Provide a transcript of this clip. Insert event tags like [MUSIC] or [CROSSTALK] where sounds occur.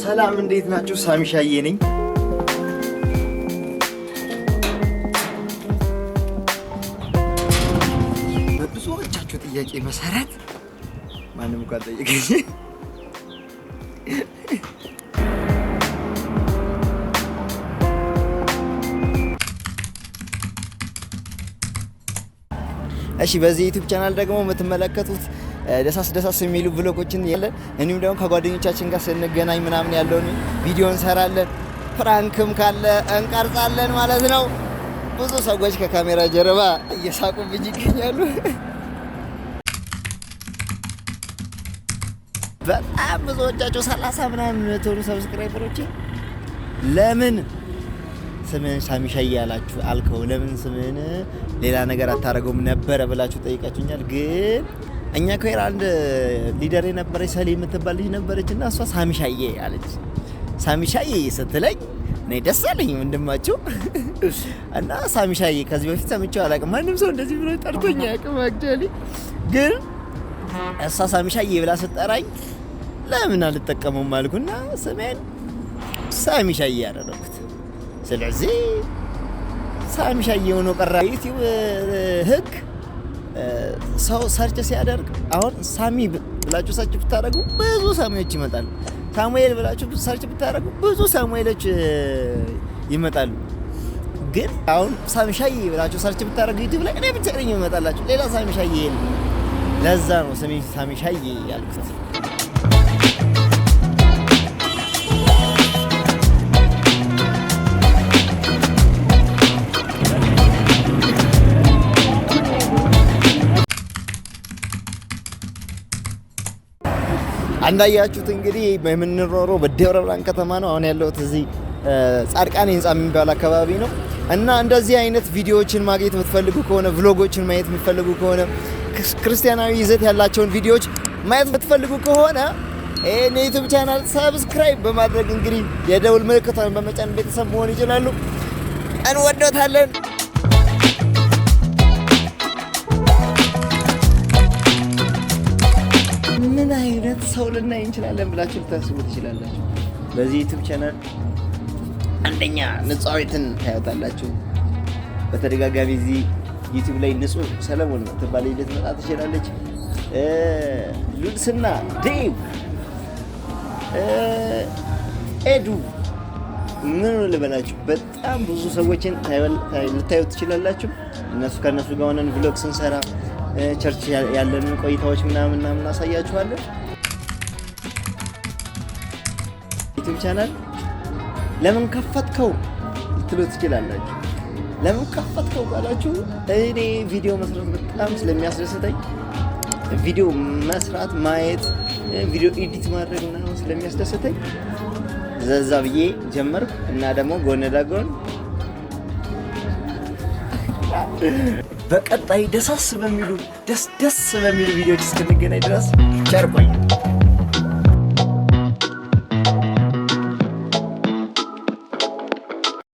ሰላም እንዴት ናችሁ? ሳሚሻዬ ነኝ። በብዙዎቻችሁ ጥያቄ መሰረት ማንም እንኳን ጠየቀኝ እሺ በዚህ ዩቲዩብ ቻናል ደግሞ የምትመለከቱት ደሳስ ደሳስ የሚሉ ብሎጎችን ያለን እንዲሁም ደግሞ ከጓደኞቻችን ጋር ስንገናኝ ምናምን ያለውን ቪዲዮ እንሰራለን። ፕራንክም ካለ እንቀርጻለን ማለት ነው። ብዙ ሰዎች ከካሜራ ጀርባ እየሳቁብኝ ይገኛሉ። [LAUGHS] በጣም ብዙዎቻቸው ሰላሳ ምናምን የምትሆኑ ሰብስክራይበሮች ለምን ስምህን ሳሚሻ እያላችሁ አልከው፣ ለምን ስምህን ሌላ ነገር አታደርገውም ነበረ ብላችሁ ጠይቃችሁኛል ግን እኛ ኮይር አንድ ሊደር የነበረች ሰሌ የምትባል ልጅ ነበረች እና እሷ ሳሚሻዬ አለች። ሳሚሻዬ ስትለኝ እኔ ደስ አለኝ ወንድማችሁ [LAUGHS] እና ሳሚሻዬ ከዚህ በፊት ሰምቼው አላውቅም። ማንም ሰው እንደዚህ ብሎ ጠርቶኝ አያውቅም። አክቹዋሊ ግን እሷ ሳሚሻዬ ብላ ስጠራኝ ለምን አልጠቀመውም አልኩና ስሜን ሳሚሻዬ ያደረኩት። ስለዚህ ሳሚሻዬ ሆኖ ቀራ። ዩቲዩብ ህግ ሰው ሰርች ሲያደርግ አሁን ሳሚ ብላችሁ ሰርች ብታደረጉ ብዙ ሳሚዎች ይመጣሉ። ሳሙኤል ብላችሁ ሰርች ብታደረጉ ብዙ ሳሙኤሎች ይመጣሉ። ግን አሁን ሳሚሻዬ ብላችሁ ሰርች ብታደረጉ ዩቲዩብ ላይ እኔ ብቻ ነኝ ይመጣላችሁ። ሌላ ሳሚሻዬ የለም። ለዛ ነው ስሜ ሳሚሻዬ ያልኩት። አንዳያችሁት እንግዲህ የምንኖረው በደብረ ብርሃን ከተማ ነው። አሁን ያለሁት እዚህ ጻድቃኔ ህንፃ የሚባል አካባቢ ነው እና እንደዚህ አይነት ቪዲዮዎችን ማግኘት የምትፈልጉ ከሆነ ቭሎጎችን ማየት የምትፈልጉ ከሆነ ክርስቲያናዊ ይዘት ያላቸውን ቪዲዮዎች ማየት የምትፈልጉ ከሆነ ይህን ቻናል ሰብስክራይብ በማድረግ እንግዲህ የደውል ምልክቷን በመጫን ቤተሰብ መሆን ይችላሉ። እንወዶታለን። ምን አይነት ሰው ልናይ እንችላለን ብላችሁ ልታስቡ ትችላላችሁ። በዚህ ዩቱብ ቻናል አንደኛ ንጹዊትን ታያታላችሁ። በተደጋጋሚ እዚህ ዩቱብ ላይ ንጹህ ሰለሞን ትባለ ሂደት መጣ ትችላለች። ሉልስና ዴቭ ኤዱ ምኑ ልበላችሁ በጣም ብዙ ሰዎችን ልታዩት ትችላላችሁ። እነሱ ከእነሱ ጋር ሆነን ቪሎግ ስንሰራ ቸርች ያለንን ቆይታዎች ምናምን ምናምን እናሳያችኋለን። ዩቱብ ቻናል ለምን ከፈትከው ልትሉ ትችላላችሁ። ለምን ከፈትከው ካላችሁ እኔ ቪዲዮ መስራት በጣም ስለሚያስደስተኝ ቪዲዮ መስራት፣ ማየት፣ ቪዲዮ ኤዲት ማድረግ ምናምን ስለሚያስደስተኝ ዘዛ ብዬ ጀመርኩ እና ደግሞ ጎን ለጎን በቀጣይ ደሳስ በሚሉ ደስ ደስ በሚሉ ቪዲዮዎች እስክንገናኝ ድረስ ቸር ቆዩ።